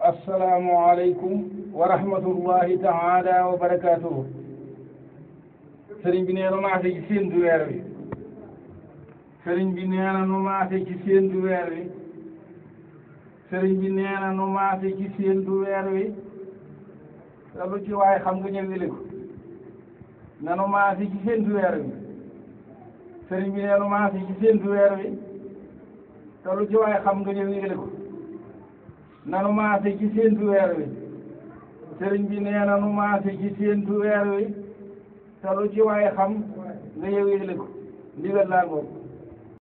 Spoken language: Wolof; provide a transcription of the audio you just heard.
assalaamu aleykum wa taala wa barakaatuhu bi nee na maase ci séentu weer wi sëriñ bi nee na ci séentu weer wi sëriñ bi nee na ci séentu weer wi te lu ci waaye xam nga ñëwili ko na ci séentu weer wi sëriñ bi nee nu ci séentu weer wi te lu ci waaye xam nga ñëw yëgle ko nanu maase ci séentu weer wi sëriñ bi nee na nu maase ci séentu weer wi te lu ci waaye xam nga ñëw yëgle ko ndigal laa